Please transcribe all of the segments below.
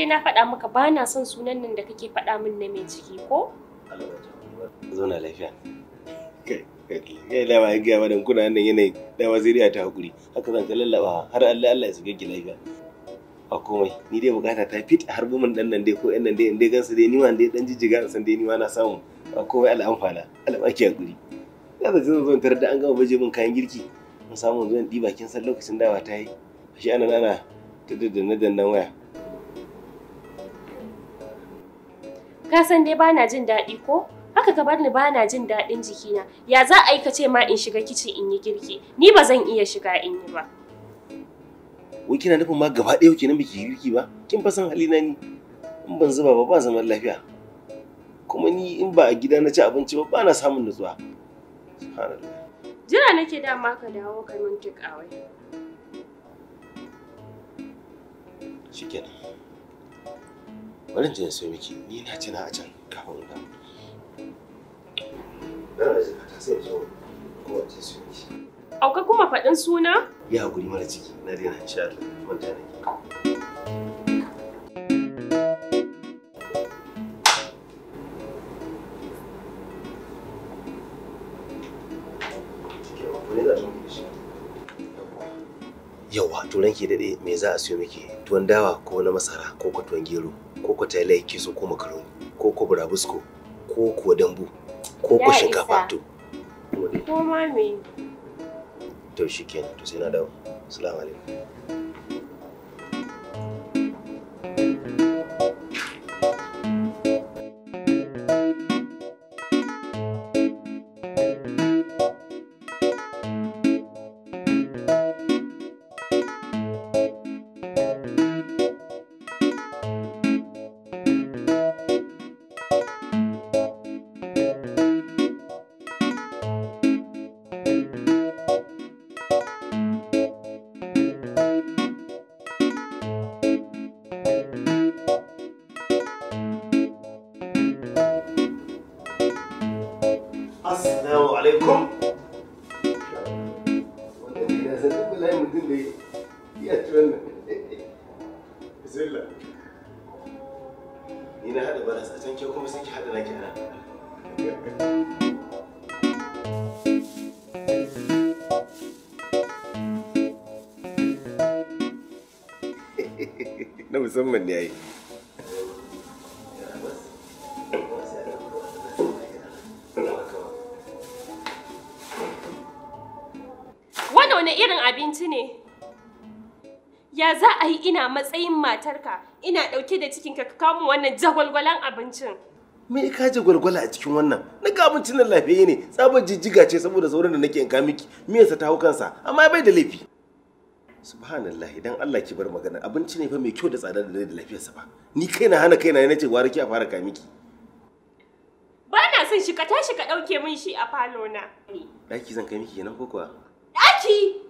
dai na faɗa maka ba na son sunan nan da kake faɗa min na mai ciki ko? Zauna lafiya. Kai dama ya gaya madan kuna nan yanayin dama zuriya ta haƙuri haka zan ka lallaba har Allah Allah ya sake ki lafiya. A komai ni dai bukata ta fit har bumin dan nan dai ko ɗan nan dai in dai gansu dai ni ma dai dan jijjiga in san dai ni ma na samu a komai Allah amfana Allah ba ki haƙuri. Ya zace zan zo tare da an gama baje min kayan girki mun samu zan ɗiba bakin san lokacin dawa ta yi. Shi ana nana ta daddanna dannan waya. Ka san dai bana jin daɗi ko? Haka ka bar ni bana jin daɗin jikina. Ya za a yi ka ce ma in shiga kicin in yi girki? Ni ba zan iya shiga in yi ba. Wai kina nufin ma gaba ɗaya kenan biki girki ba? Kin fa san halina ni. In ban zuba ba ba zaman lafiya. Kuma ni in ba a gida na ci abinci ba bana samun nutsuwa. Jira nake dama ka dawo ka mun tikawai. Shikenan. bari je in sayo miki ni na cina a can kafin in dawo dan aje sai zo kowace su miki auka kuma faɗin suna ya hakuri mara ciki na daina sha Allah manta nake yauwa turan ke daɗe me za a siyo miki tuwon dawa ko na masara ko tuwon gero ko ko talai kizo ko makaroni ko ko burabusko ko ko dambu ko ko shinkafa to ko ma me to shikenan to sai na dawo assalamu alaikum abinci ne ya za a yi ina matsayin matarka ina ɗauke da cikinka ka kawo wannan jagwalgwalan abincin me ka ji gwalgwala a cikin wannan na ga abincin nan lafiyayye ne sabon jijjiga ce saboda sauran da nake in ka miki miyarsa ta hau kansa amma bai da laifi subhanallah idan Allah ki bar magana abinci ne fa mai kyau da tsada da da lafiyarsa ba ni kai na hana kaina nace gwara ki a fara ka miki ba na son shi ka tashi ka ɗauke min shi a falo na daki zan kai miki kenan ko kuwa daki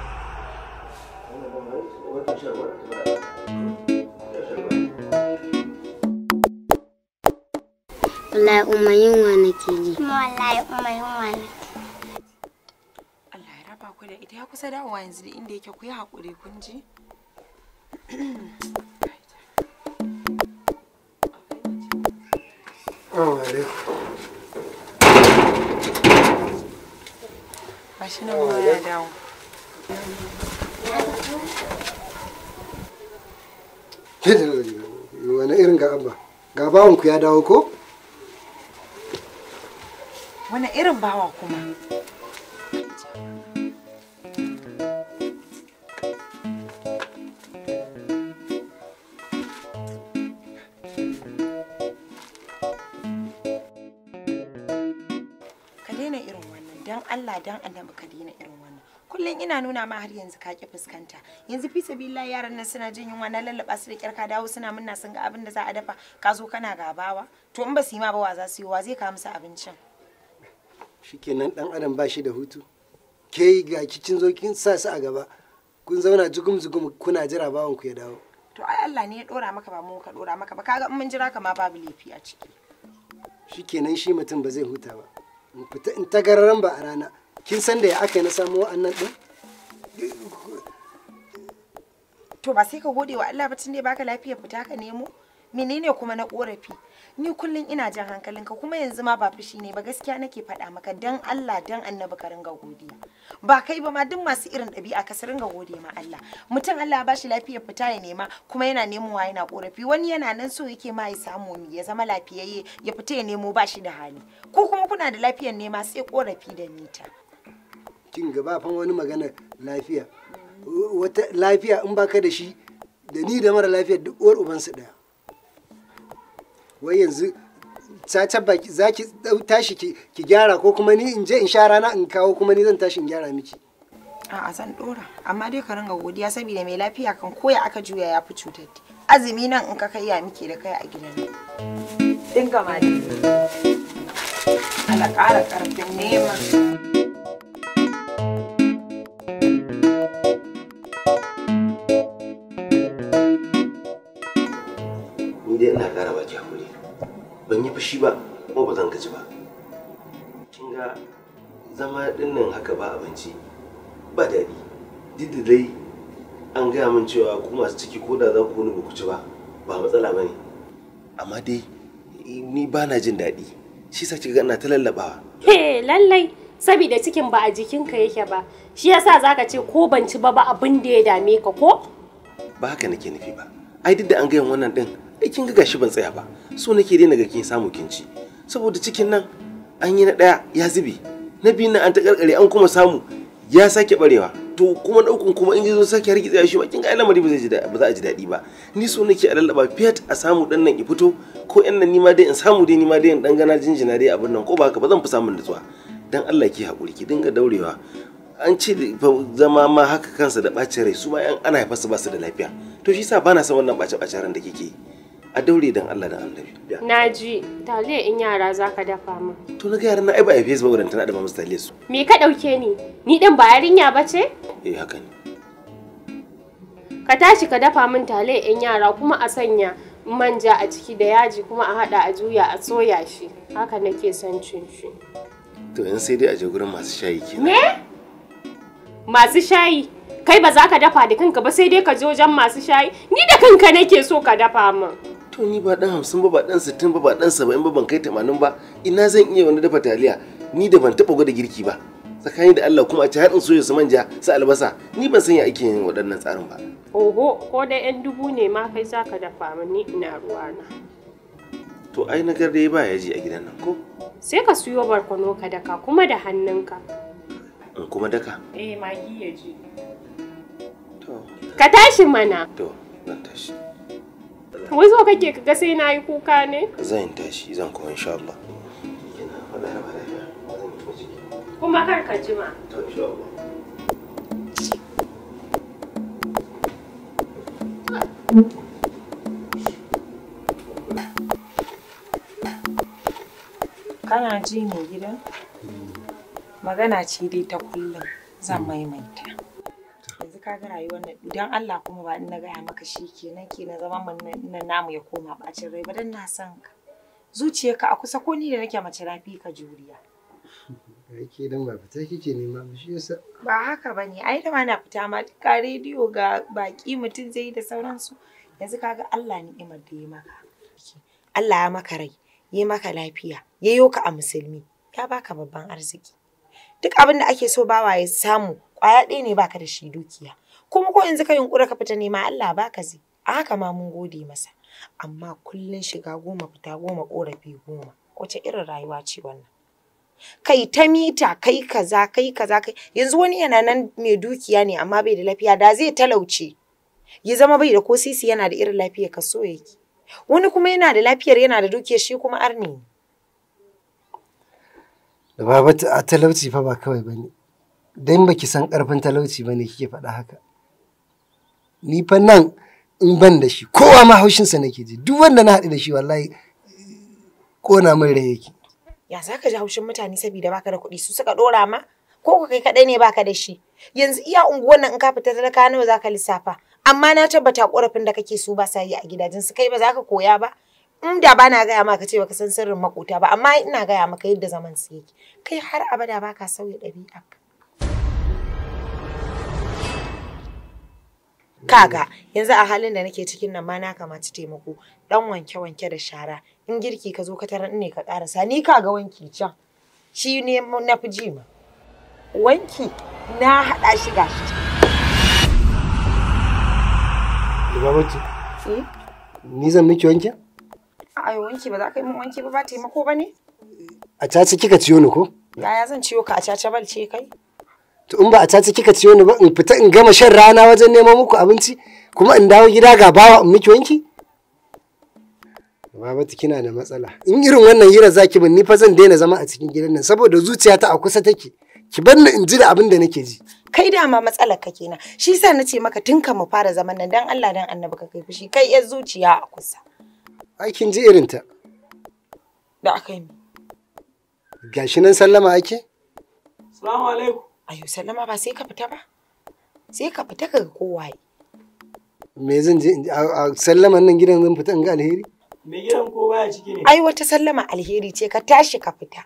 Wallahi umma yunwa nake ji. wallahi Allah ya raba ku da ita ya kusa dawowa yanzu da inda yake ku yi haƙuri kun ji. Ba shi nan ya dawo. wani irin ga abba ga bawanku ya dawo ko wani irin bawa kuma ka daina irin wannan don allah don annabi ka daina irin ina nuna ma har yanzu ka ki fuskanta yanzu fi sabilillahi yaran nan suna jin yunwa na lallaba su da kyar ka dawo suna munna sun ga abin da za a dafa ka zo kana gabawa to in ba su yi ma ba wa za su yi wa zai ka musu abincin shikenan dan adam ba shi da hutu ke ga kicin zo kin sa su a gaba kun zauna jugum jugum kuna jira bawon ku ya dawo to ai Allah ne ya dora maka ba mu ka dora maka ba kaga in mun jira ka ma babu laifi a ciki shikenan shi mutum ba zai huta ba in fita in ta gararan ba a rana kin san da ya aka yi na samu wa'annan din to ba sai ka gode wa Allah ba tun da baka lafiya fita ka nemo menene kuma na korafi ni kullun ina jan hankalinka kuma yanzu ma ba fushi ne ba gaskiya nake faɗa maka dan Allah dan annabi ka ringa godiya ba kai ba ma duk masu irin ɗabi'a ka ringa gode ma Allah mutum Allah ya bashi lafiya fita ya nema kuma yana nemowa yana korafi wani yana nan so yake ma ya samu ni ya zama lafiyayye ya fita ya nemo ba shi da hali ko kuma kuna da lafiyar nema sai korafi da mita kin gaba fa wani magana lafiya wata lafiya in baka da shi da ni da mara lafiya duk uwar ubansu daya wai yanzu ta tabba za ki tashi ki gyara ko kuma ni in je in sha rana in kawo kuma ni zan tashi in gyara miki a'a zan dora amma dai ka ringa godiya saboda mai lafiya kan koya aka juya ya fi cutar azumi nan in ka kai ya miki da kai a gidan dinga ma dai ala ƙara ƙarfin neman dai ina ƙara baki hakuri ban yi fushi ba kuma ba zan gaji ba kin ga zama dinnan haka ba abinci ba daɗi Didi dai an gaya min cewa ku masu ciki ko da za ku wani ba ku ci ba ba matsala ba ne amma dai ni ba na jin daɗi shi sa kika ga ina ta lallaɓawa he lallai saboda cikin ba a jikinka yake ba shi yasa zaka ce ko ban ci ba ba abin da ya dame ka ko ba haka nake nufi ba ai duk da an gayan wannan din ai eh, kin ga gashi ban tsaya ba so nake daina ga kin samu kin ci saboda cikin nan an yi na daya ya zube na biyu nan an ta karkare an kuma samu ya sake barewa to kuma daukun kuma in zo sake harki tsaya shi ba kin ga mari ba zai ji ba za a ji dadi ba ni so nake a lallaba fiat a samu dan nan ki fito ko ɗan nan ni ma dai in samu dai ni ma dai in dan gana jinjina dai abin nan ko ba haka ba zan fi samun nutsuwa dan Allah ki hakuri ki dinga daurewa an ce zama ma haka kansa da bacin rai su ma yan ana haifarsa ba su da lafiya to shi sa bana san wannan bace-bacen ran da kike a daure dan Allah da annabi na ji taliya in yara zaka dafa min to na ga yaran na ai ba a facebook dan tana da musu taliya su me ka dauke ni ni din ba yarinya bace eh haka ne ka tashi ka dafa min taliya in yara kuma a sanya manja a ciki da yaji kuma a hada a juya a soya shi haka nake son cin shi to in sai dai a je gurin masu shayi kenan me masu shayi kai ba za ka dafa da kanka ba sai dai ka je wajen masu shayi ni da kanka nake so ka dafa min to ni ba dan hamsin ba ba dan sittin ba ba dan saba'in ba ban kai tamanin ba ina zan iya wani dafa taliya ni da ban taɓa gwada girki ba tsakani da Allah kuma a ci har in soya su manja su albasa ni ban san ya ake yin waɗannan tsarin ba. Oho ko da yan dubu ne ma kai za ka dafa mani ina ruwa na? To ai na dai ba yaji a gidan nan ko? Sai ka siyo barkono ka daka kuma da hannunka. In kuma daka? Eh magi ya je. To. Ka tashi mana. To zan tashi. Wai zo kake ka ga sai na yi kuka ne? Zan tashi zan kuma insha Allah. Kuma kar ka jima. To insha Allah. Kana ji mai gida? Magana ce dai ta kullum zan maimaita. ka ga rayuwar nan dan Allah kuma ba na gaya maka shi kenan kenan zaman mu na namu ya koma bacin rai ba dan na san ka ka a kusa ko ni da nake mace rafi ka juriya ke dan ba fita kike nema ba shi yasa ba haka bane ai da ma na fita ma ka rediyo ga baki mutum zai yi da sauransu yanzu kaga Allah ni'imar da ya maka Allah ya maka rai ya maka lafiya ya ka a musulmi ya baka babban arziki duk abin da ake so bawa ya samu kwaya ɗaya ne baka da shi dukiya kuma ko yanzu ka yunkura ka fita nema Allah baka zai a haka ma mun gode masa amma kullun shiga goma fita goma korafi goma wace irin rayuwa ce wannan kai ta mita kai kaza kai kaza kai yanzu wani yana nan mai dukiya ne amma bai da lafiya da zai talauce ya zama bai da ko sisi yana da irin lafiya ka so yake wani kuma yana da lafiyar yana da dukiya, shi kuma arni ne da babata a talauci fa ba kawai bane don baki san ƙarfin talauci ba ne kike faɗa haka ni fa nan in ban da shi kowa ma haushinsa nake ji duk wanda na haɗu da shi wallahi kona min rai yake ya za ji haushin mutane saboda baka da kuɗi su suka ɗora ma ko kai kaɗai ne baka da shi yanzu iya unguwar nan in ka fita da kano za ka lissafa amma na tabbata ƙorafin da kake so ba sa yi a gidajen su kai ba za ka koya ba in da ba na gaya maka cewa ka san sirrin makota ba amma ina gaya maka yadda zaman su yake kai har abada baka sauya ɗabi'a kaga yanzu a halin da nake cikin nan ma na kamata taimako dan wanke wanke da shara in girki ka zo ka tarar ne ka karasa ni kaga wanki can shi ne na fi ji ma wanki na hada shi gashi Babaci, eh? ni zan miki wanki? Ai wanki ba za ka yi min wanki ba ba taimako ba ne? A caci kika ciyo ni ko? Yaya zan ciyo ka a caca bal kai? to in ba a caci kika ciyo ni ba in fita in gama shan rana wajen neman muku abinci kuma in dawo gida ga bawa in miki wanki babatu kina da matsala in irin wannan hira zaki ki ni fa zan daina zama a cikin gidan nan saboda zuciyata a kusa take ki bar ni in ji da abin da nake ji kai dama matsalar ka kenan shi yasa nace maka tun ka mu fara zaman nan dan Allah dan annabi ka kai fushi kai yar zuciya a kusa ai kin ji irin ta da akai gashi nan sallama ake assalamu alaikum Ayo sallama ba sai ka fita ba. Sai ka fita ka ga kowaye. Me zan je a sallama nan gidan zan fita in ga alheri? Me gidan ko baya ciki ne? Ai wata sallama alheri ce ka tashi ka fita.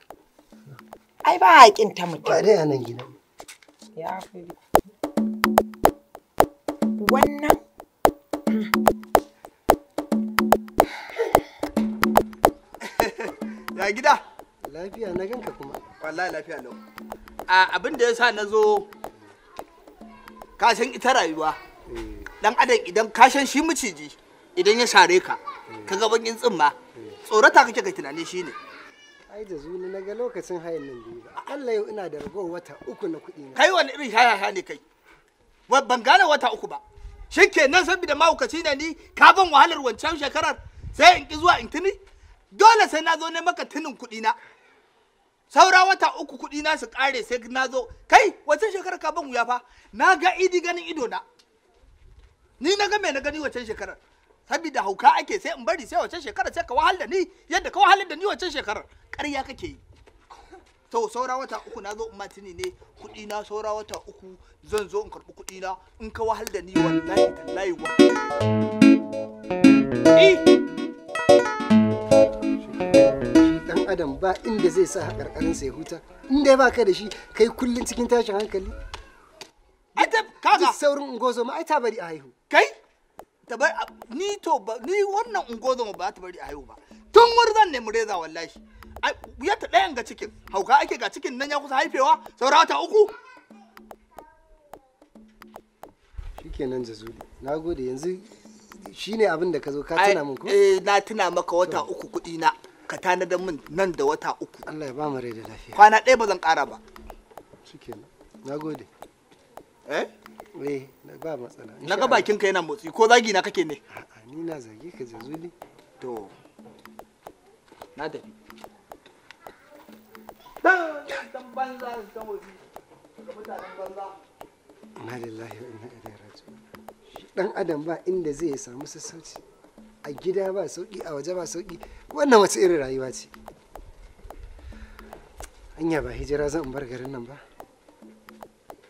Ai ba haƙin ta mutum. Ba dai a nan gidan. Ya fi. Wannan Ya gida? Lafiya na ganka kuma. Wallahi lafiya lau. abin da ya sa na zo kashin ita rayuwa eh. dan adam idan kashin shi miciji idan ya share ka ka ga bakin tsimma eh. tsorata kake kai tunani shine ai da zuni na ga lokacin hayin nan biyu ba Allah yau ina da rago wata uku na kuɗi kai wani irin shaya ne kai ban gane wata uku ba nan saboda mahaukaci ne ni ka ban wahalar wancan shekarar sai in ki zuwa in tuni dole sai na zo ne maka tunin kuɗi na saura wata uku kudi na su kare sai na zo kai wancan shekarar ka ban wuya fa na ga idi ganin ido na ni na ga mai na gani wancan shekarar saboda hauka ake sai in bari sai wancan shekarar sai ka wahal da ni yadda ka wahal da ni wancan shekarar ƙarya kake yi to saura wata uku na zo in ma tuni ne kudi na saura wata uku zan zo in karbi kudi na in ka wahal da ni wallahi tallahi wa eh adam ba inda zai sa sa ya huta in dai ba ka da shi kai kullum cikin tashin hankali adam kaga saurin ungozo ma ai ta bari a haihu kai ta bari ni to ni wannan ungozo ba ta bari a haihu ba tun wuri zan nemi reza wallahi ya ta ɗayan ga cikin hauka ake ga cikin nan ya kusa haifewa saura wata uku shikenan jazuli na gode yanzu shine abin da ka zo ka tuna min ko eh na tuna maka wata uku kuɗi na ka tanadar min nan da wata uku Allah ya ba mu rai da lafiya kwana ɗaya ba zan ƙara ba shikenan nagode eh eh ba matsala na ga bakin ka yana motsi ko zagi na kake ne a'a ni na zage ka zuli. to na da. dan banza dan wani ga mutanen banza na lillahi wa inna ilaihi raji'un dan adam ba inda zai samu sassauci a gida ba sauki a waje ba sauki wannan wace irin rayuwa ce hanya ba hijira zan bar garin nan ba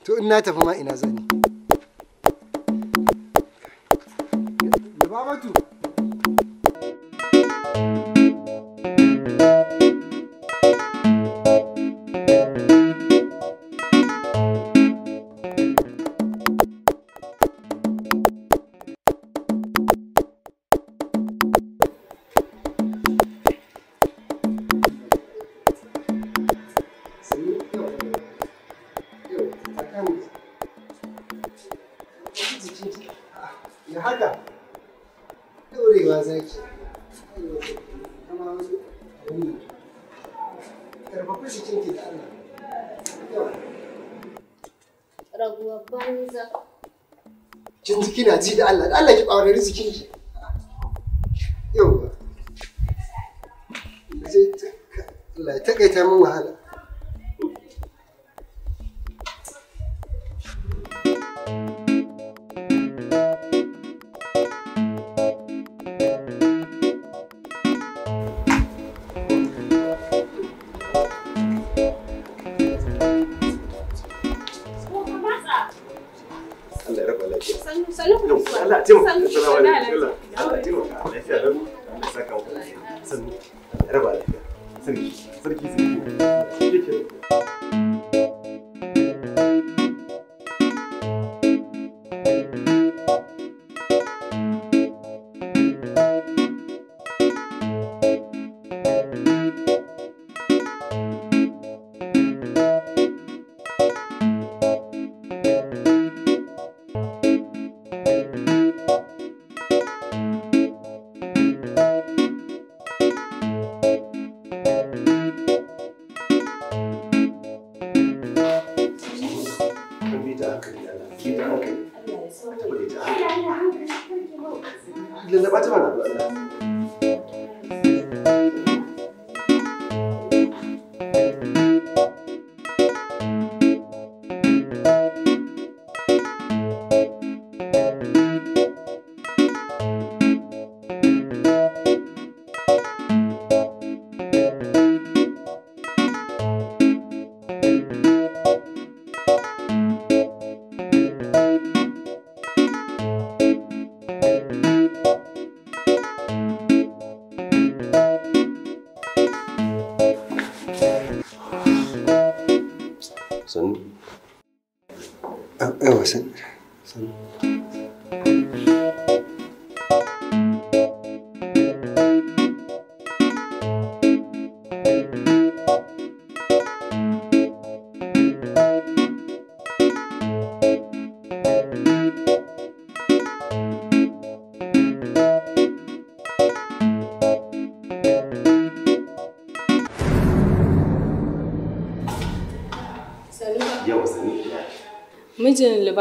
to in na tafi ma ina zani raguwar banza kin ciki na ji da Allah da Allah ki ƙaurari jikin ki yau Allah kai ta min wahala Lallaba ta ba Allah.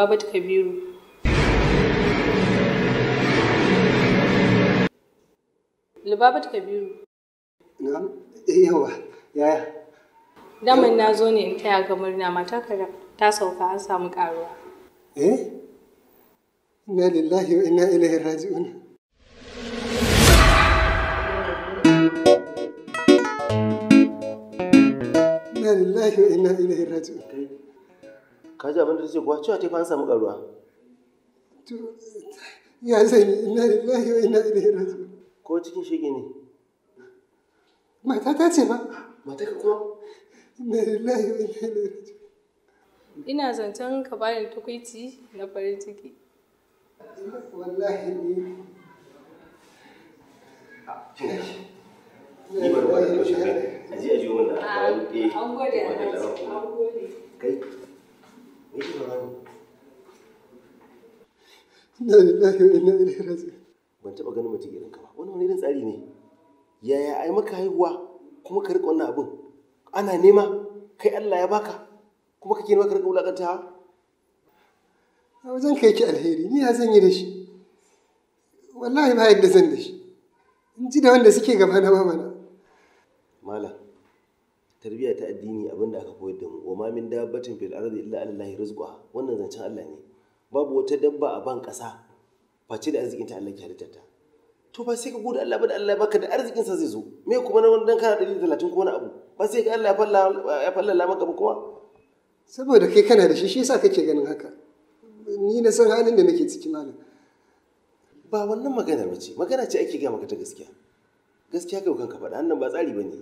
Babatu Kabiru. Lubabat Kabiru. Na'am, eh, yawa, yaya. Daman na zo ne in taya ga murna kara ta sauka an samu karuwa. Eh? Inna lillahi wa inna ilaihi raji'un. Inna lillahi wa inna ilaihi raji'un. Kaji abin da ce kuwa cewa karuwa ya zai ina wa ina ko cikin shige ne mata ta ce ba mata ka kuma ina lillahi ina ilaihi ina zancen ka bani na farin ciki wallahi da ah, wani a ji a ji wanda a wani ɗaya kai Na lillahi wa Ban taɓa ganin mutum irin ka wani irin tsari ne. Yaya ai maka haihuwa kuma ka riƙa wannan abin? Ana nema kai Allah ya baka kuma kake nema ka riƙa wulaƙantawa? A wajen kai ki alheri ni ya zan yi da shi. Wallahi ba yadda zan da shi. In ji da wanda suke gaba na mamana. Malam. tarbiyya ta addini abinda aka koyar da mu wa ma min dabbatin fil ardi illa alallahi rizquha wannan zancen Allah ne babu wata dabba a ban kasa face da arzikin ta Allah ke halitta to ba sai ka gode Allah ba da Allah baka da arzikin sa zai zo me kuma na wannan kana 130 ko wani abu ba sai ka Allah ya falla ya falla maka ba kuma saboda kai kana da shi shi yasa kake ganin haka ni na san halin da nake cikin malam ba wannan magana bace magana ce ake ga maka ta gaskiya gaskiya kai kanka faɗa annan ba tsari bane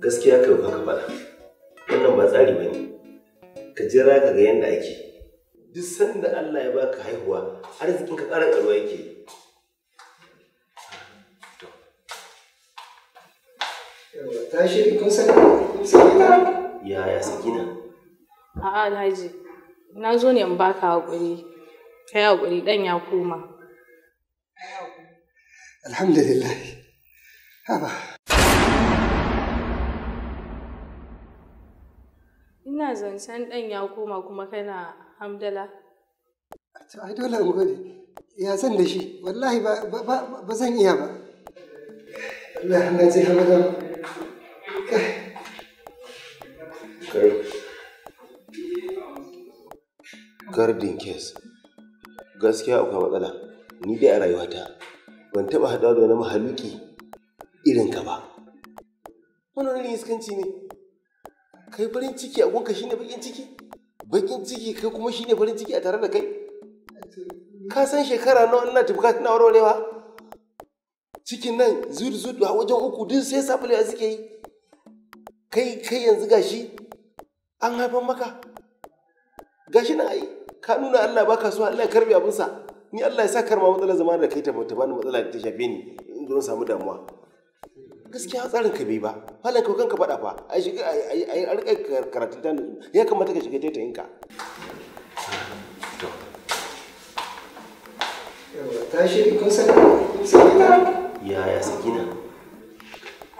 gaskiya kai ka faɗa wannan ba tsari bane ka jira ka ga yanda ake duk sanda Allah ya baka haihuwa arzikin ka ƙara ƙaruwa yake ta shiri kun sakina? Yaya sakina? A'a Alhaji, na zo ne in baka haƙuri ka yi haƙuri ɗan ya koma alhamdulillah haba ina zancen ɗan ya koma kuma kana hamdala to ai dole mu gode ya zan da shi wallahi ba zan iya ba Allah na ji hamdala Gardin case. gaskiya akwai matsala ni dai a rayuwata ban taɓa haɗuwa da wani mahaluki irin ka ba wani wani iskanci ne kai farin ciki a gunka shine bakin ciki bakin ciki kai kuma shine farin ciki a tare da kai ka san shekara nawa tafi tafka tana warwarewa cikin nan zuri zuri a wajen uku duk sai sabulewa suke yi kai kai yanzu gashi an haifan maka gashi na ayi ka nuna Allah baka so Allah ya karbi abin sa ni Allah ya sa karma matsalar zama da kai ta ta bani matsala da ta shafe ni in don samu damuwa gaskiya tsarin ka bai ba malam ka kanka faɗa fa a shiga a rika karatun ta ya kamata ka shiga taita yinka. ta shiri kun sani ya ya sakina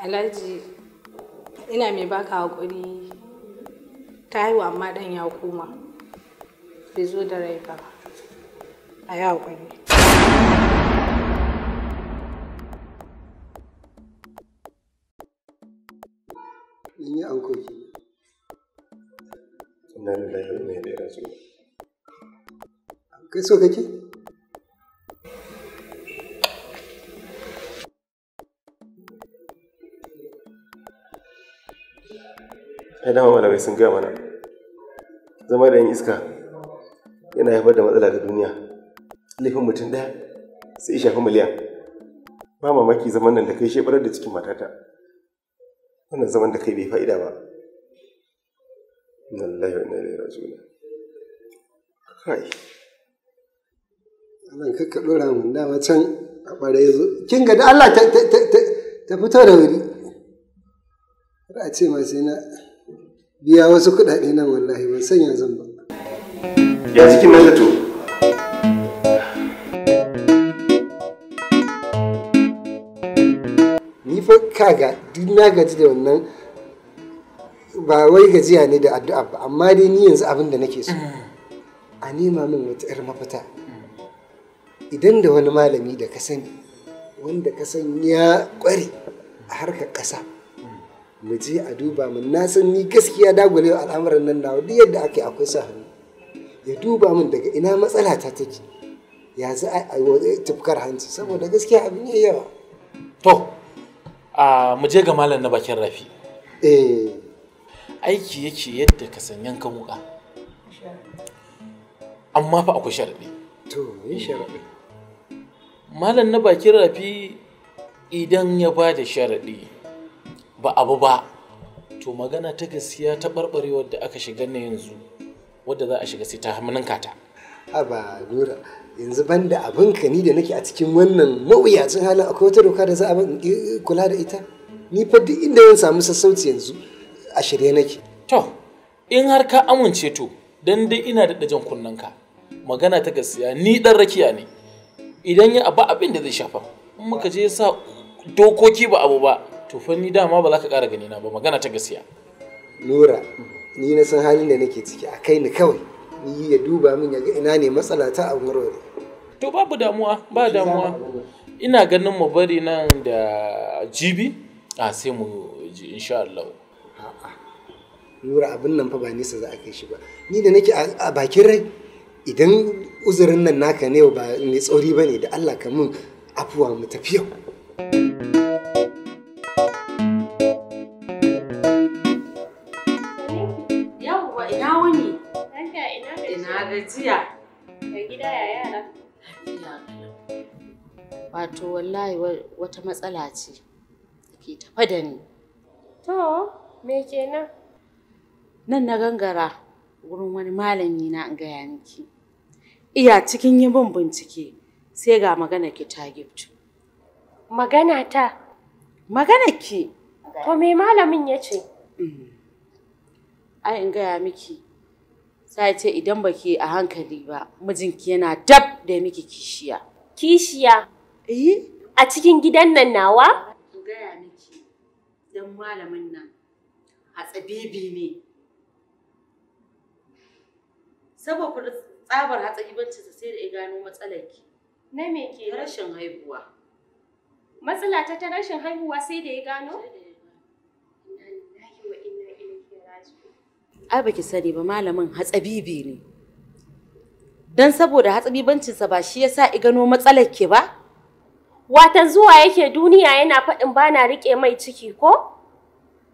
alhaji ina mai baka hakuri ta haihu amma dan ya koma bai zo da rai ba a yi haƙuri in yi anko da yau ne da kai so kake dama malamai sun gaya mana zama da yin iska yana haifar da matsala ga duniya laifin mutum ɗaya sai shafi miliyan ba mamaki zaman nan da kai shebarar da cikin matata wannan zaman da kai bai fa'ida ba wallahi wannan ne rajula kai Allah ka ka dora mun dama can a bare yazo kin ga da Allah ta ta fito da wuri ba a ce ma sai na biya wasu kuɗaɗe nan wallahi ban sanya zan ba ya jikin nan ni fa kaga duk na gaji da wannan ba wai gajiya ne da addu'a ba amma dai ni yanzu abin da nake so a nema min wata 'yar mafita idan da wani malami da ka sani wanda ka san ya kware a harkar ƙasa mu je a duba mu na san ni gaskiya dagwale al'amuran nan na duk yadda ake akwai sa hannu ya duba min daga ina matsala ta take ya za a tufkar hanci saboda gaskiya abin ya yawa to a mu je ga malam na bakin rafi eh aiki yake yadda ka san yanka muka amma fa akwai sharaɗi to yi sharaɗi malam na bakin rafi idan ya ba da sharaɗi ba abu ba to magana ta gaskiya ta barbarewar da aka shiga na yanzu wadda za a shiga sai ta hannunka ta aba nura yanzu ban da abin ka ni da nake a cikin wannan mawuyacin halin akwai wata doka da za a eh, eh, kula da ita ni fa duk inda zan samu sassauci yanzu a shirye nake to in har ka amince to dan dai ina da dajan kunnen ka magana ta gaskiya ni dan rakiya ne idan ya ba abin da zai shafa in muka je sa dokoki ba abu ba to fa ni dama ba za ka kara gani na ba magana ta gaskiya nura ni na san halin da nake ciki a kai ni kawai ni ya duba min ya ga ina ne matsala ta a warware to babu damuwa ba damuwa ina ganin mu bari nan da jibi a sai mu ji insha Allah nura abin nan fa ba nisa za a kai shi ba ni da nake a bakin rai idan uzurin nan naka ne ba ne tsori ba ne da Allah ka mun afuwa mu tafi yau wato wallahi wata matsala ce ke tafa da ni. To, me kenan? Nan na gangara wurin wani malami na ga gaya miki. Iya cikin yi bin bincike sai ga magana ki ta gifto. Magana ta? Magana ki. To me malamin ya ce? Mm. Ai in gaya miki sai ce idan baki a hankali ba mijinki yana dab da miki kishiya. Kishiya? Eh? A cikin gidan nan nawa? Ku gaya miki, don malamin nan a tsabibi ne. Saboda tsabar hatsabibancinsa sai da ya gano matsalarki. Na me ke? Rashin haihuwa. Matsala ta ta rashin haihuwa sai da ya gano? Ai baki sani ba malamin hatsabibi ne. Don saboda hatsabibancinsa ba shi yasa i gano matsalar ke ba? Wata zuwa yake duniya yana faɗin bana riƙe mai ciki ko?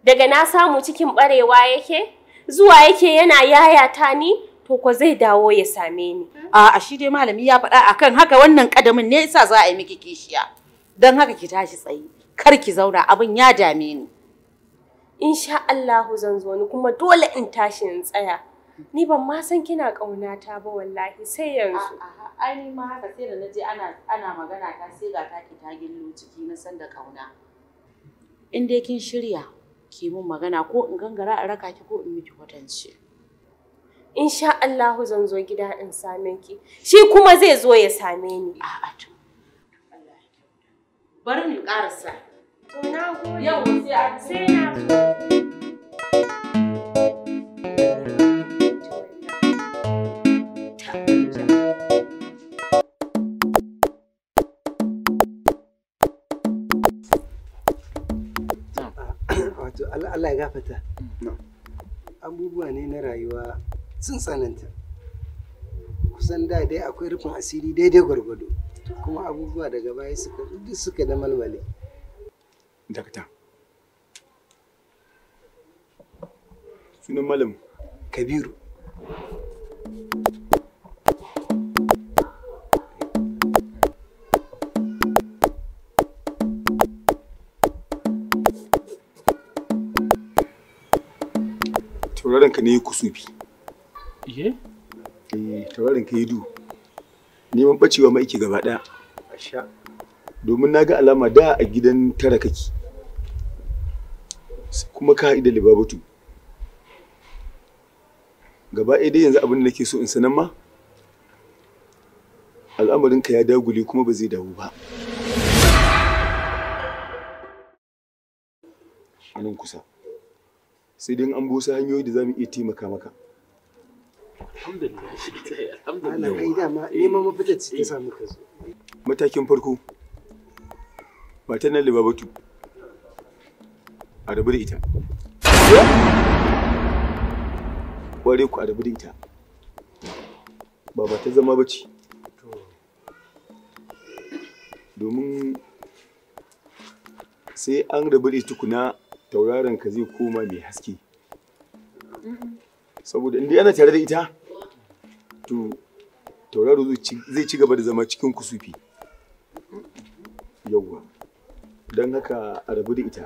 Daga na samu cikin ɓarewa yake? Zuwa yake yana yayata ni? To ko zai dawo ya same ni. A'a shi dai malami ya faɗa akan haka wannan ƙadamin ne yasa za a yi miki kishiya. Don haka ki tashi tsayi, Kar ki zauna abin ya dame ni. Insha Allahu zan zo ni kuma dole in tashi in tsaya. Ni ban ma san kina ta ba wallahi sai yanzu. Ai ni ma haka sai da na je ana ana magana ta sai ga taki ta gillo ciki na san da kauna. In dai kin shirya ki mun magana ko in gangara a raka ki ko in miki kwatance. Insha Allahu zan zo gida in same ki. Shi kuma zai zo ya same ni. A'a to. Bari mu ƙarasa. To na Yau sai a sai na. Allah ya gafata abubuwa ne na rayuwa sun tsananta kusan da dai akwai rufin asiri daidai gwargwado kuma abubuwa daga baya suka duk suka da malmale dakta sunan malam kabiru tauraron ka ne kusufi iye eh tauraron ka yi du neman bacewa mai ke gaba daya asha domin na ga alama da a gidan tara kake kuma ka haɗu da libabatu gaba ɗaya dai yanzu abin da nake so in sanan ma al'amarinka ya dagule kuma ba zai dawo ba anan kusa sai dai an busa hanyoyi da za mu iya taimaka maka matakin farko matan nan libabatu a rabu da ita kware ku a rabu da ita ba ba ta zama bace domin sai an rabu da tukuna tauraron ka zai koma mai haske saboda inda yana tare da ita to tauraro zai ci gaba da zama cikin kusufi yawwa don haka a rabu da ita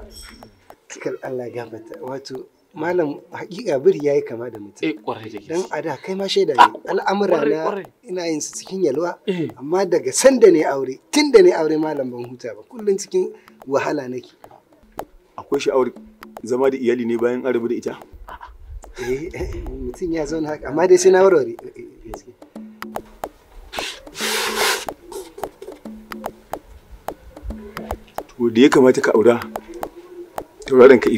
cikin Allah ya bata wato malam hakika biri yayi kama da mutum eh kwarai da dan ada kai ma shaida ne al'amura na ina yin su cikin yalwa eh. amma daga sanda ne aure tunda ne aure malam ban huta ba kullun cikin wahala nake shi aure zama da iyali ne bayan arabu da ita eh, eh, mutum ya zauna haka amma na warware eh, da ya kamata ka aura tauraron ka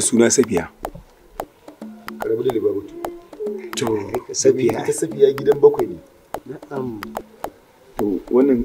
suna safiya karabu da to safiya ita gidan bakwai ne na'am to wannan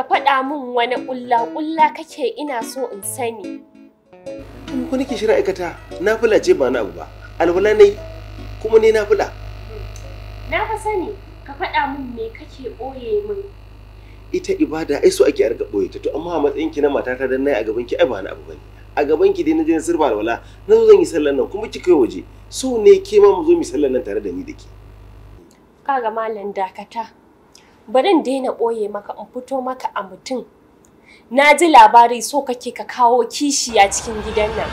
ka faɗa min wani ƙulla-ƙulla kake ina so in sani. Ko ku nake shirin aikata na fula ce ba na abu ba, alwala ne kuma ne na fula. Na fa sani ka faɗa min me kake ɓoye min. Ita ibada ai so ake arga ɓoye ta to amma a matsayin ki na matata dan nayi a gaban ki ai ba na abu bane. A gaban ki dai na je na sirba alwala na zo zan yi sallan nan kuma kika yi waje so ne ke ma mu zo mu sallan nan tare da ni da ke. Kaga malam dakata. bari in daina ɓoye maka in fito maka a mutum na ji labari so kake ka kawo kishiya cikin gidan nan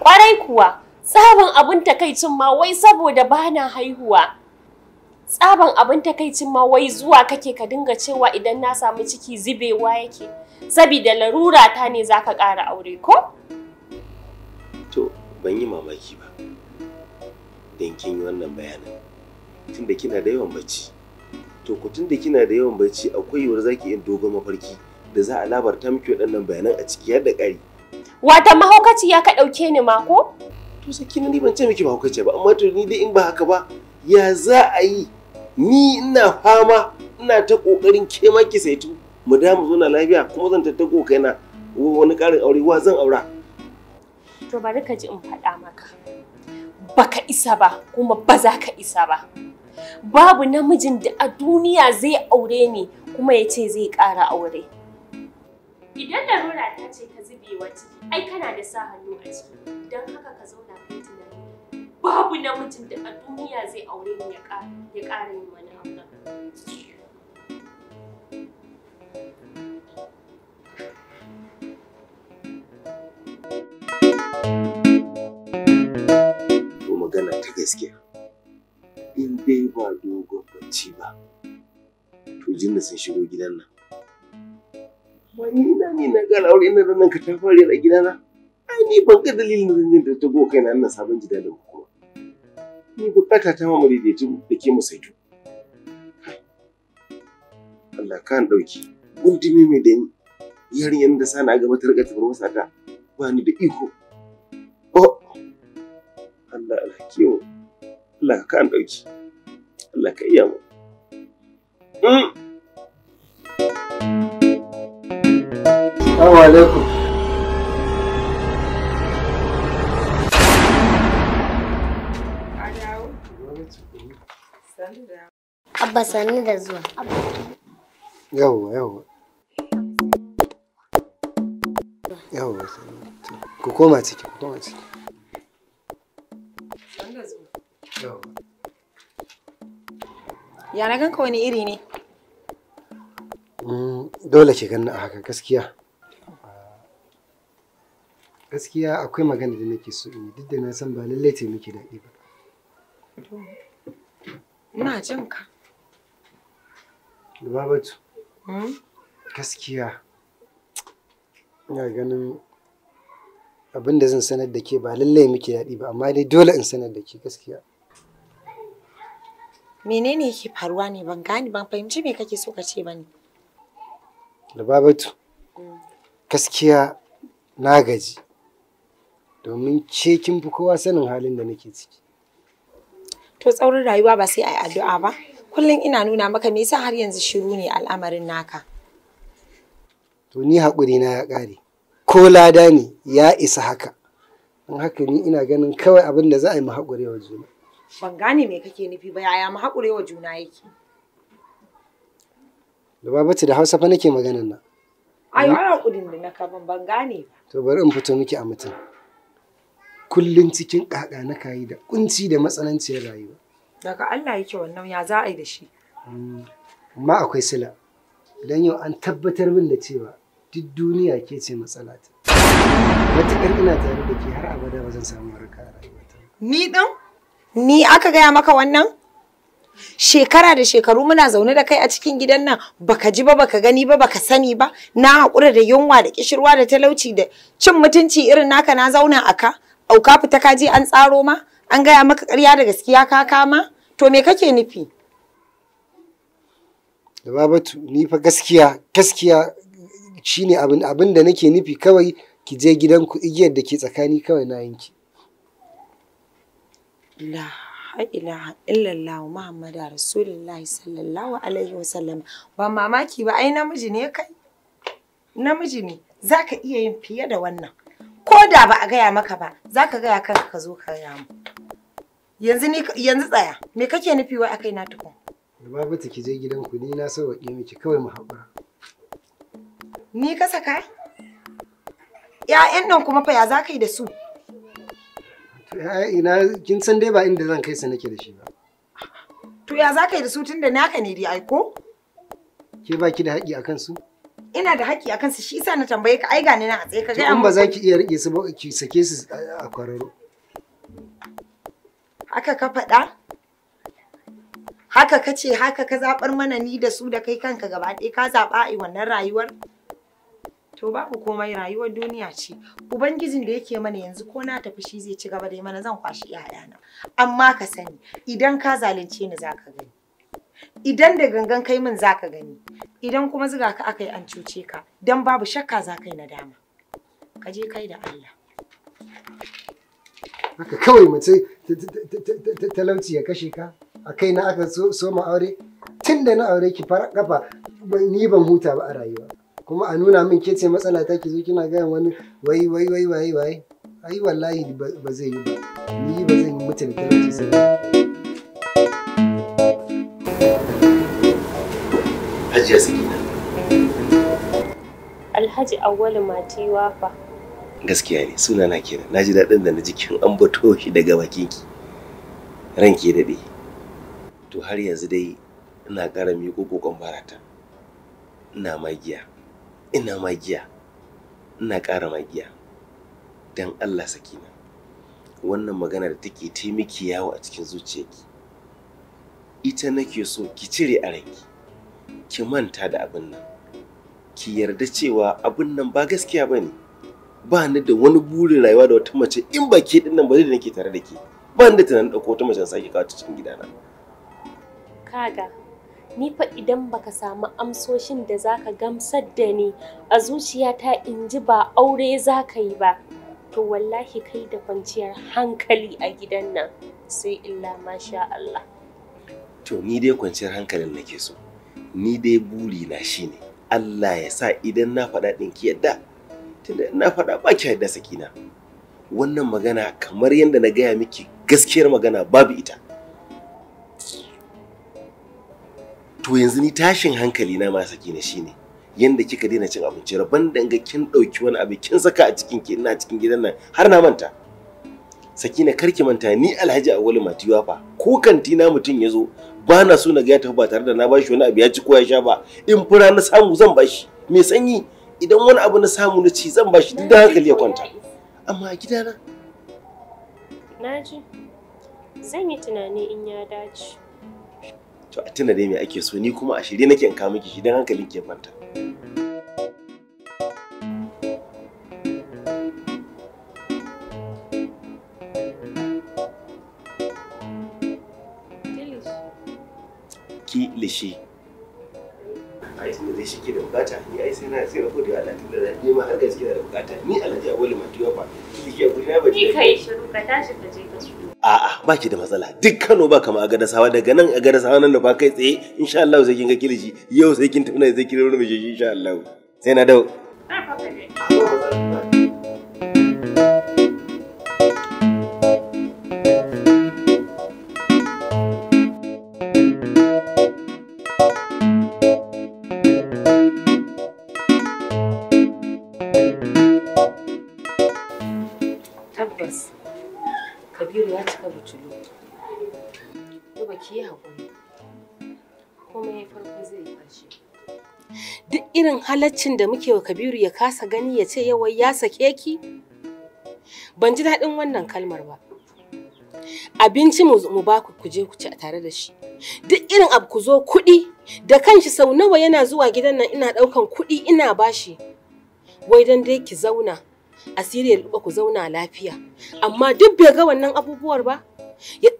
Kwarai kuwa tsaban abin takaicin ma wai saboda bana haihuwa tsaban abin takaicin ma wai zuwa kake ka dinga cewa idan na samu ciki zubewa yake sabida larura ta ne zaka ƙara aure ko to ban yi mamaki ba idan kin yi wannan bayanin tunda kina da yawan bacci to ku tunda kina da yawan bacci akwai yiwuwar zaki yin dogon mafarki da za a labarta miki waɗannan bayanan a ciki yadda ƙari wata ya ka ɗauke ni ma ko to saki ni ban ce miki mahaukaci ba amma to ni dai in ba haka ba ya za a yi ni ina fama ina ta ƙoƙarin ke ma ki saitu mu da mu zauna lafiya kuma zan tattako kaina wani ƙarin aure wa zan aura to bari ka ji in faɗa maka baka isa ba kuma ba za ka isa ba babu namijin da a duniya zai aure ni kuma ya ce zai ƙara aure idan larura ta ce ka zube ciki ai kana da sa hannu a ciki don haka ka zauna kai tunani babu namijin da a duniya zai aure ni ya ƙara yin wani aure thank you magana ta gaskiya in dai ba dogon bacci ba to jinda sun shigo gidan nan wani ina ne na ga aure ina da nan ka ta fare a gidana ai ni ban ga dalilin da zan da ta go kai na sabon gida da kuma ni bukata ta ma daidaitu da ke musaitu Allah kan dauki gundumi mai da ni yarinyar da sana gaba ta rika tabar ta ba ni da iko Allah alhakimu Allah ka kan ɗauki Allah ka iya mu. Hmm. Assalamu alaikum. Abba sani da zuwa. Yawwa yawwa. Yawwa sani. Ku koma ciki, ku koma ciki. Ya na ganka wani iri ne? Mm, dole ki ganna a haka gaskiya. Gaskiya akwai magana da nake so in duk da na san ba lallai ta miki daɗi ba. Ina jin ka. Babatu. Hmm? Gaskiya. Ina ganin abin da zan sanar da ke ba lallai miki daɗi ba amma dai dole in sanar da ke gaskiya. menene yake faruwa ne ban gane ban fahimci me kake so ka ce bane? Lubabatu gaskiya na gaji domin ce kin fi kowa sanin halin da nake ciki to tsaurin rayuwa ba sai a yi addu'a ba kullum ina nuna maka me yasa har yanzu shiru ne al'amarin naka to ni haƙuri na ya kare. ko lada ne ya isa haka don haka ni ina ganin kawai abin da za a yi mu haƙuri wa juna Ban gane me kake nufi ba yaya mu wa juna yake. Lubabatu da Hausa fa nake maganan nan. Ai ai haƙurin da naka ban ban gane To bari in fito miki a mutum. Kullun cikin ƙaƙa na kayi da kunci da matsananciyar rayuwa. Daga Allah yake wannan ya za a yi da shi. Mm, amma akwai sila. Don yau an tabbatar min da cewa duk duniya ke ce matsala ta. Matuƙar ina tare da ke har abada ba zan samu harka a rayuwata. Ni ɗan? Ni aka gaya maka wannan? Shekara da shekaru muna zaune da kai a cikin gidan nan baka ji ba baka gani ba baka sani ba na haƙura da yunwa da kishirwa da talauci da cin mutunci irin naka na zauna a ka auka fita ka je an tsaro ma an gaya maka ƙarya da gaskiya ka kama to me kake nufi? Da babatu ni fa gaskiya gaskiya shine abin abin da nake nufi kawai ki je gidanku igiyar da ke tsakani kawai na yanki. la ilaha illallah muhammadu rasulullahi sallallahu alaihi wasallam ba mamaki ba ai namiji ne kai namiji ne za ka iya yin fiye da wannan ko da ba a gaya maka ba za ka gaya kanka ka zo ka yamu. yanzu ni yanzu tsaya me kake nufi wai akai na tukun babu ta ki je gidan ku ni na sauwaƙe miki kawai mu haƙura ni ka saka 'Ya'yan nan kuma fa ya za yi da su ina kin san dai ba inda zan kai su nake da shi ba. To ya za ka yi da su tun da naka ne dai aiko? Ke ba ki da haƙƙi akan su? Ina da haƙƙi akan su shi yasa na tambaye ka ai ni na a tsaye ka ga in ba za ki iya rike su ba ki sake su a kwararo. Haka ka faɗa? Haka ka ce haka ka zaɓar mana ni da su da kai kanka gaba ɗaya ka zaɓa a wannan rayuwar? To babu komai rayuwar duniya ce. Ubangijin da yake mana yanzu ko na tafi shi zai ci gaba da mana zan kwashi na Amma ka sani idan ka zalunce ni zaka ka gani. Idan da gangan kai min zaka gani. Idan kuma zuga ka akai an cuce ka dan babu shakka za ka yi nadama. Ka je kai da Allah. Haka kawai mace talauci ya kashe ka a kai na aka so ma aure tun na aure ki fara kafa ni ban huta ba a rayuwa. kuma a nuna min ke ce matsala ta ki zo kina gaya wani wai wai wai wai wai ai wallahi ba zai yi ba ni ba zan yi mutum da talauci sai Hajiya Sakina Alhaji Awwal Matiwa fa gaskiya ne suna na kenan na ji daɗin da na jikin an bato shi daga bakinki ranki ya daɗe to har yanzu dai ina ƙara miƙo ƙoƙon barata ina magiya ina magiya ina ƙara magiya don Allah na wannan magana da take taimaki yawo a cikin zuciyarki ita nake so ki cire a ranki ki manta da abin nan ki yarda cewa abin nan ba gaskiya ba ne ba ni da wani burin rayuwa da wata mace in ba ke dinnan ba zai da nake tare da ke ba ni da tunanin ɗauko wata mace sake kawo cikin gidana kaga ni fa idan baka samu amsoshin da zaka gamsar da ni a zuciyata in ji ba aure zaka yi ba to wallahi kai da kwanciyar hankali a gidan nan sai illa masha Allah to ni dai kwanciyar hankalin nake so ni dai buri na shine Allah ya sa idan na faɗa ɗin ki yadda tunda na faɗa ba ki yadda sakina wannan magana kamar yadda na gaya miki gaskiyar magana babu ita to yanzu ni tashin hankali na masa kina shine yanda kika daina cin abinci rabban dan ga kin dauki wani abu kin saka a cikin ki ina cikin gidan nan har na manta sakina karki manta ni alhaji awali matiwa fa ko kantina mutum ya zo ba na so na ga ya tafi ba tare da na bashi wani abu ya ci ko ya sha ba in fura na samu zan bashi me sanyi idan wani abu na samu na ci zan bashi duk da hankali ya kwanta amma a gidana naji zan yi tunani in ya dace to a tuna dai me ake so ni kuma a shirye nake in kawo miki shi dan hankalin ke kwanta kilishi a yi tunda zai shi ke da bukata ni ai sai na sai ko da Allah tunda da ni ma har gaskiya da bukata ni Allah Abdul Matiwa fa ba, a guri na baje ni kai shiru ka tashi ka je ka su a'a ba ki da matsala duk Kano ba kama sawa daga nan sawa nan da ba kai tsaye insha Allah sai kin ga kilishi yau sai kin tuna sai kin wani mai shi insha Allah sai na dau duk irin halaccin da muke wa kabiru ya kasa gani ya ce yawai ya sake ki ban ji daɗin wannan kalmar ba abinci mu ba ku je ku ci a tare da shi duk irin abu ku zo kuɗi da kanshi sau nawa yana zuwa gidan nan ina ɗaukan kuɗi ina bashi wai don dai ki zauna a siriyar ku zauna lafiya amma duk bai ga wannan abubuwar ba ya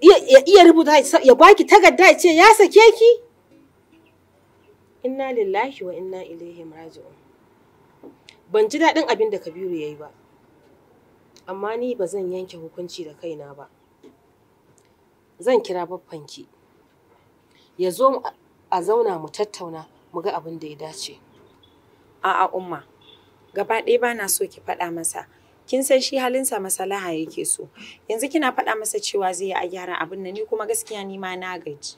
iya rubuta ya baki takarda ya ce ya sake ki inna lillahi wa inna ilaihi raji'un ban ji daɗin abin da kabiru ya yi ba amma ni ba zan yanke hukunci da kaina ba zan kira ki. ya zo a zauna mu tattauna mu ga abin da ya dace a'a umma gaba ɗaya ba na so ki faɗa masa kin san shi halinsa masalaha yake so yanzu kina faɗa masa cewa zai yi a gyara abin nan ni kuma gaskiya ni ma na gaji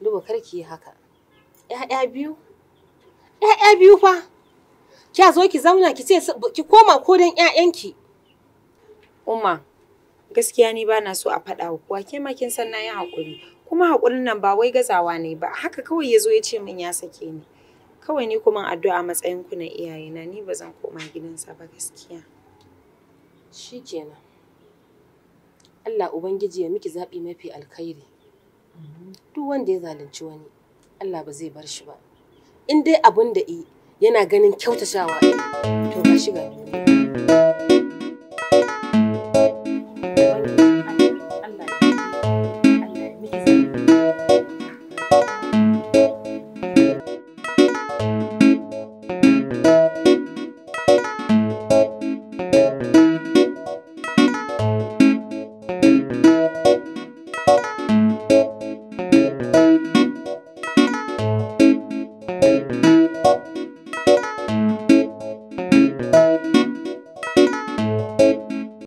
Duba kar ki yi haka ‘ya'ya biyu ‘ya'ya biyu fa kya zo ki zauna ki ce ki koma ko dan ‘ya'yanki Umma gaskiya ni ba na so a faɗa wa kowa ke ma kin san na yi haƙuri kuma haƙurin nan ba wai gazawa ne ba haka kawai ya zo ya ce min ya sake ni kawai ni kuma addu'a matsayin ku na na ni ba zan koma gidansa ba gaskiya shikenan Allah ubangiji ya miki zaɓi mafi alkhairi duk wanda ya zalunci wani Allah ba zai bar shi ba in dai abin da yana ganin kyautatawa to ba shi ga duniya